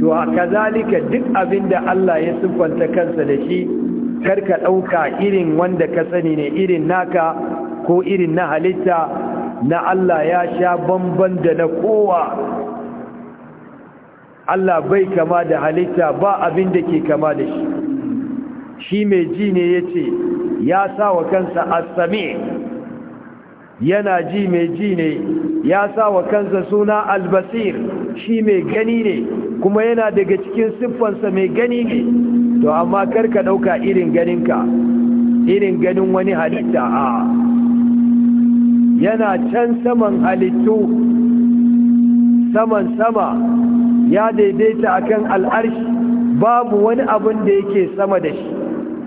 to a kazalika duk abin da Allah ya siffanta kansa da shi kar ka ɗauka irin wanda ka sani ne irin naka ko irin na halitta na Allah ya sha bamban da na kowa Allah bai kama da halitta ba abin da ke kama da shi shi mai ji ne ya ce ya sa wa kansa asami yana ji mai ji ne ya sa wa kansa suna albasir shi mai gani ne kuma yana daga cikin siffansa mai gani ne to amma karka ɗauka irin ganinka irin ganin wani halitta a yana can saman halittu saman sama ya daidaita akan al'arshi babu wani abin da yake sama da shi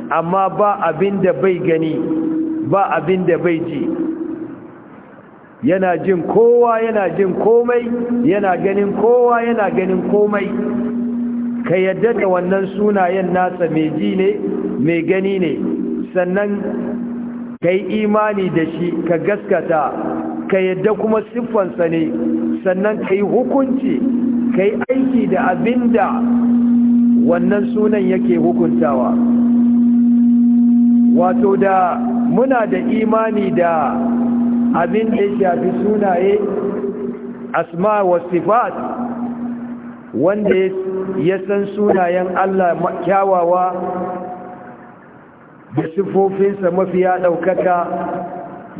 amma ba abin da bai gani ba abin da bai ji yana jin kowa yana jin komai yana ganin kowa yana ganin komai ka yadda da wannan sunayen nasa mai ji ne mai gani ne sannan ka yi imani da shi ka gaskata ka yadda kuma siffansa ne sannan ka yi hukunci Kai aiki da abin da wannan sunan yake hukuntawa wato da muna da imani da abin da ya shafi sunaye asma wa sifat wanda ya san sunayen Allah kyawawa da siffofinsa mafiya ɗaukaka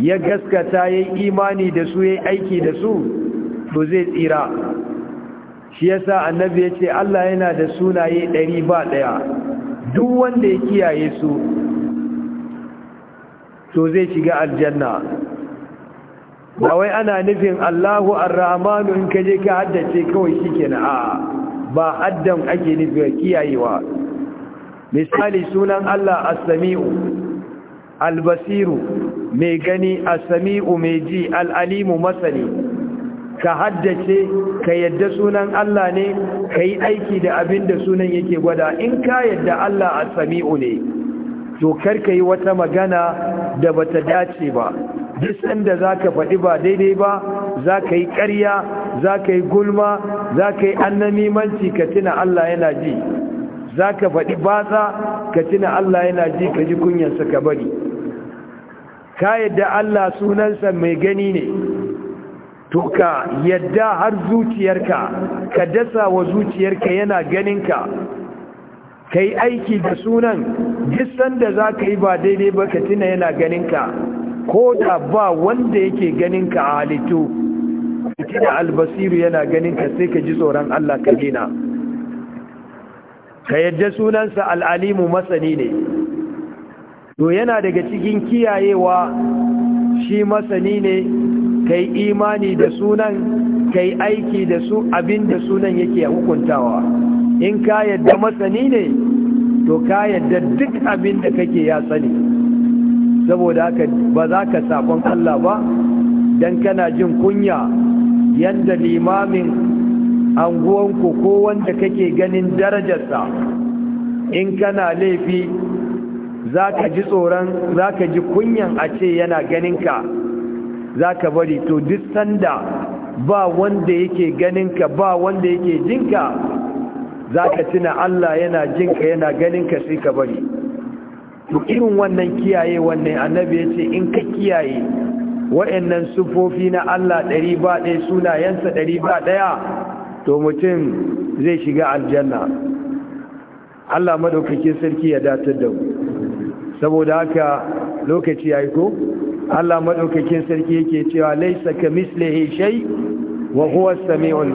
ya gaskata ya imani da su ya aiki da su to zai tsira shi yasa annabi ya ce Allah yana da sunaye ɗari ba ɗaya duk wanda ya kiyaye su to zai shiga aljanna ba wai ana nufin Allahu ar-Rahmanu ka je ka haddace kawai shikenan a ba haddan ake nufin kiyayewa misali sunan Allah as-Sami'u al-Basiru mai gani as-Sami'u mai ji al-Alimu masani ka haddace ka yadda sunan Allah ne ka yi aiki da abin da sunan yake gwada in ka yadda Allah a sami'u ne to ka yi wata magana da bata dace ba duk sanda za ka faɗi ba daidai ba za ka yi ƙarya za ka yi gulma za ka yi annamimanci ka tuna Allah yana ji za ka faɗi batsa ka tuna Allah yana ji ka ji kunyarsa ka bari ka yadda Allah sunansa mai gani ne to ka yadda har zuciyarka ka dasa wa zuciyarka yana ganinka ka yi aiki da sunan gisan da za ka yi ba daidai ba ka tuna yana ganinka ko da ba wanda yake ganinka a halittu tuna albasiru yana ganinka sai ka ji tsoron Allah ka gina. ka yadda sunansa al'alimu masani ne to yana daga cikin kiyayewa shi masani ne kai imani da sunan kai aiki da su abin da sunan yake hukuntawa in ka yadda masani ne to ka yadda duk abin da kake ya sani saboda haka ba za ka sakon Allah ba dan kana jin kunya yanda limamin anguwanku ko wanda kake ganin darajarsa in kana laifi za ka ji tsoron za ka ji kunyan a ce yana ganinka za ka bari to duk sanda ba wanda yake ganinka ba wanda yake jinka za ka tuna Allah yana jinka yana ganinka sai ka bari to irin wannan kiyaye wannan annabi ya ce in ka kiyaye wa'annan sufofi na Allah ɗari ba ɗaya sunayensa ɗari ba ɗaya to mutum zai shiga aljanna Allah maɗaukakin sarki ya datar da mu saboda haka lokaci ya yi ko? Allah madaukakin sarki yake cewa laisa ka mislihi shay wa huwa as-sami'ul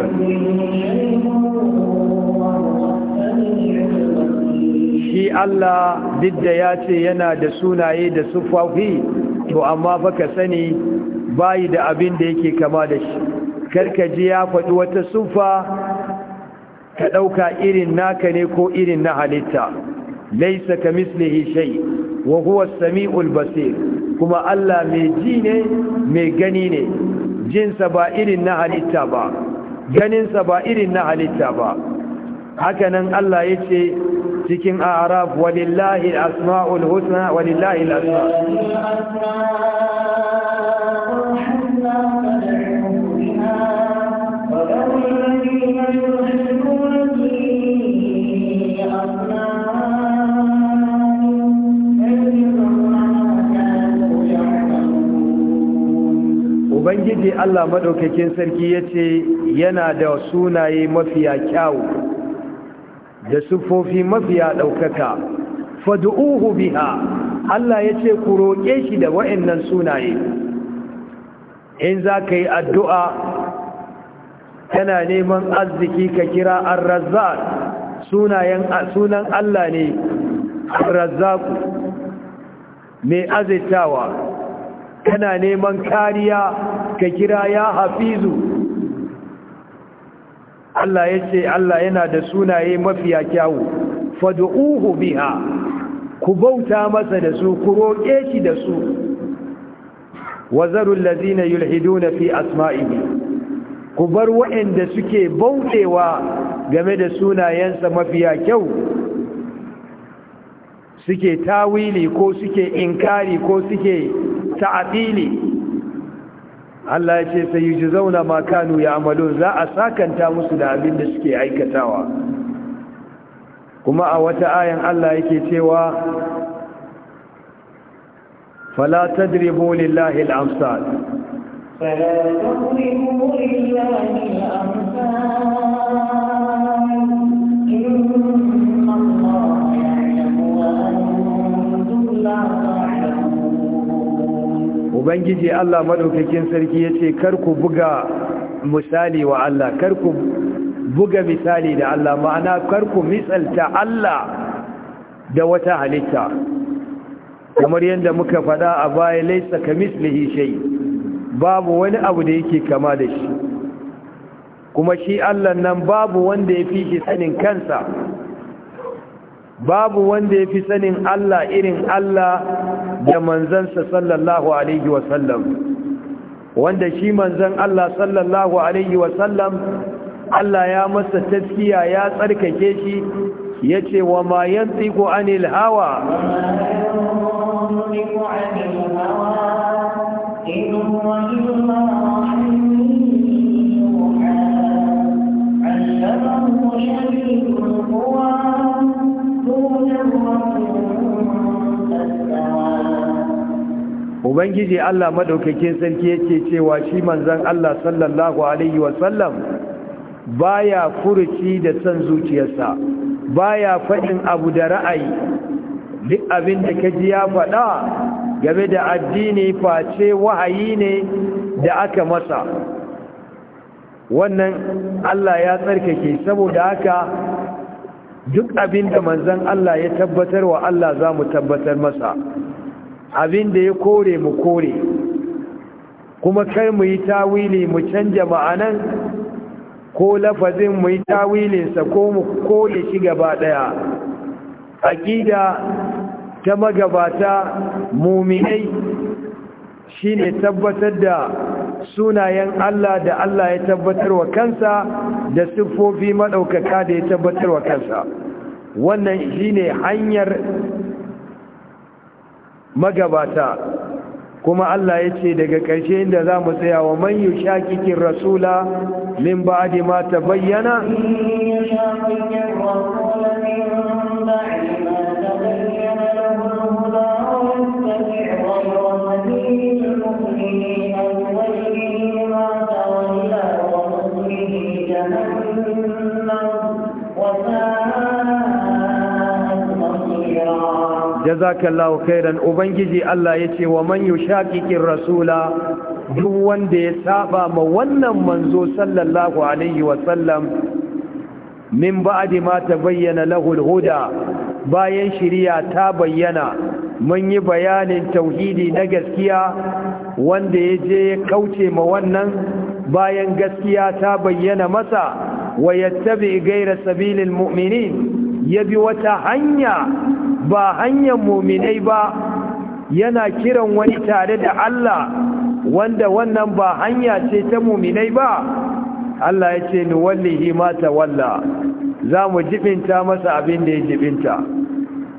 shi Allah duk da ya ce yana da sunaye da sufafi to amma fa ka sani bayi da abin da yake kama da shi Kar ka ji ya faɗi wata sufa ka ɗauka irin naka ne ko irin na halitta ليس كمثله شيء وهو السميع البصير كما الله ميجيني ميجنيني جن سبائر النهل التابع جن سبائر النهل التابع هكذا الله يتي تكن أعراف ولله الأسماء الحسنى ولله الأسماء ubangiji allah maɗaukakin sarki ya ce yana da sunaye mafiya kyau da sufofi mafiya ɗaukaka fadu'uhu biha allah ya ce ku roƙe shi da wa'annan sunaye in za ka yi addu'a tana neman arziki ka kira arrazzar sunan allah ne arrazzaku mai azaitawa kana neman kariya ka kira ya hafizu Allah ya ce Allah yana da sunaye mafiya kyawu fad'uhu biha ku bauta masa da su ku roƙe shi da su wazaru ladina yulhiduna fi asma'ihi ku bar waɗanda suke bautewa game da sunayensa mafiya kyau suke tawili ko suke inkari ko suke ta'abili Allah ya ce sai yi zauna makanu ya amalo za a sakanta musu da abin da suke aikatawa kuma a wata ayan Allah yake cewa fala tadribu lillahi al-amsal ubangiji Allah madaukakin sarki ya ce, kar ku buga misali wa Allah kar ku buga misali da Allah ma'ana kar ku misalta Allah da wata halitta kamar yadda muka faɗa a baya laisa mislihi shay babu wani abu da yake kama da shi kuma shi Allah nan babu wanda ya fi shi sanin kansa babu wanda ya fi sanin Allah irin Allah da manzansa sallallahu alaihi wasallam wanda shi manzan Allah sallallahu alaihi wasallam Allah ya masa taskiya ya tsarkake shi ya ce wa ma yantiku anil hawa Thank you. ubangiji Allah madaukakin sarki yake cewa shi manzon Allah sallallahu alaihi wasallam baya furuci da san zuciyarsa baya faɗin abu da ra'ayi duk abin da ji ya faɗa game da addini face wahayi ne da aka masa wannan Allah ya tsarkake saboda haka duk abin da manzon Allah ya tabbatar wa Allah za mu tabbatar masa abin da ya kore mu kore kuma kar mu yi tawili mu canja ma'anan ko lafazin mu yi tawilinsa ko mu kore shi gaba ɗaya aƙida ta magabata muminai shine tabbatar da sunayen Allah da Allah ya tabbatar wa kansa da siffofi maɗaukaka da ya tabbatar wa kansa wannan shine hanyar magabata kuma Allah ya ce daga ƙarshe inda za mu tsaya wa man yi shakikin rasula min ba a ma ta bayyana jazakallahu khairan ubangiji Allah yace wa man yushaqiqir rasula duk wanda ya saba ma wannan manzo sallallahu alaihi wa sallam min ba'di ma tabayyana lahu al bayan shiriya ta bayyana mun yi bayanin tauhidi na gaskiya wanda ya je ya kauce ma wannan bayan gaskiya ta bayyana masa wa yattabi ghayra sabilil mu'minin ya bi wata hanya ba hanyar muminai ba yana kiran wani tare da Allah wanda wannan ba hanya ce ta muminai ba Allah ya ce ni wallahi ma walla. za mu jibinta masa abin da ya jibinta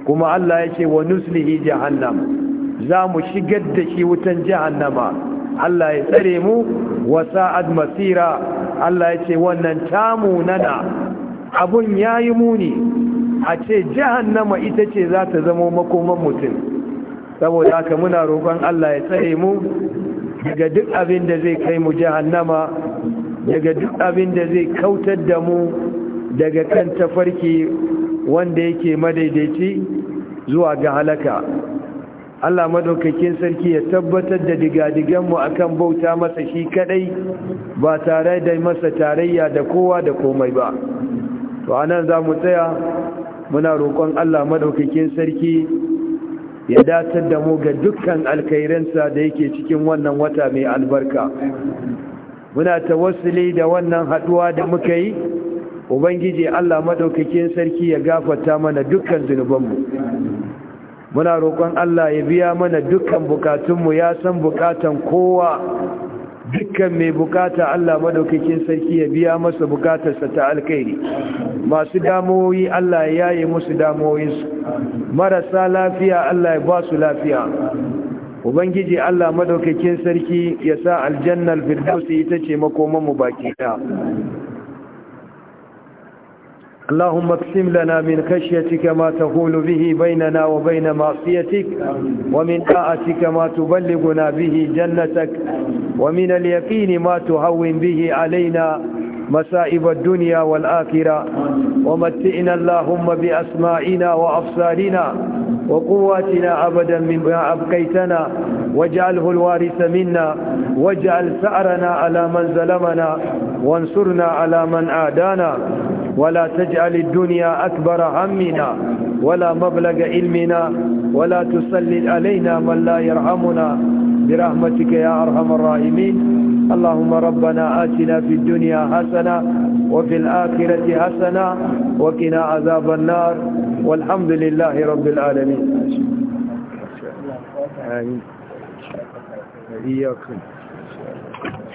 kuma Allah ya ce wa nuslihi jahannam za mu shigar da shi wutan jahannama Allah ya tsare mu wa sa'ad masira Allah ya ce wannan tamu nana abun yayi muni a ce nama ita ce za ta zama makoman mutum saboda haka muna roƙon Allah ya tsaye mu daga duk abin da zai kai mu nama daga duk abin da zai kautar da mu daga kan tafarki wanda yake madaidaici zuwa ga halaka Allah madaukakin sarki ya tabbatar da digadiganmu kan bauta masa shi kaɗai, ba tare da masa tarayya da kowa da komai ba to anan za mu tsaya muna roƙon Allah madaukakin sarki ya datar da mu ga dukkan alkhairinsa da yake cikin wannan wata mai albarka muna tawassuli da wannan haɗuwa da muka yi ubangiji Allah madaukakin sarki ya gafata mana dukkan zunubanmu muna roƙon Allah ya biya mana dukkan bukatunmu ya san bukatan kowa dukkan mai bukata Allah madaukakin sarki ya biya masa bukatarsa ta alkhairi masu damuwoyi Allah ya yaye musu damuwoyinsu marasa lafiya Allah ya ba su lafiya ubangiji Allah madaukakin sarki ya sa aljannal firdausi ita ce makoman baki ɗaya اللهم اقسم لنا من خشيتك ما تقول به بيننا وبين معصيتك ومن طاعتك ما تبلغنا به جنتك ومن اليقين ما تهون به علينا مصائب الدنيا والآخرة ومتئنا اللهم بأسمائنا وأبصارنا وقواتنا أبدا مما أبقيتنا واجعله الوارث منا واجعل ثأرنا على من ظلمنا وانصرنا على من عادانا ولا تجعل الدنيا أكبر همنا ولا مبلغ علمنا ولا تسلل علينا من لا يرحمنا برحمتك يا أرحم الراحمين اللهم ربنا آتنا في الدنيا حسنة وفي الآخرة حسنة وقنا عذاب النار والحمد لله رب العالمين آمين إياكم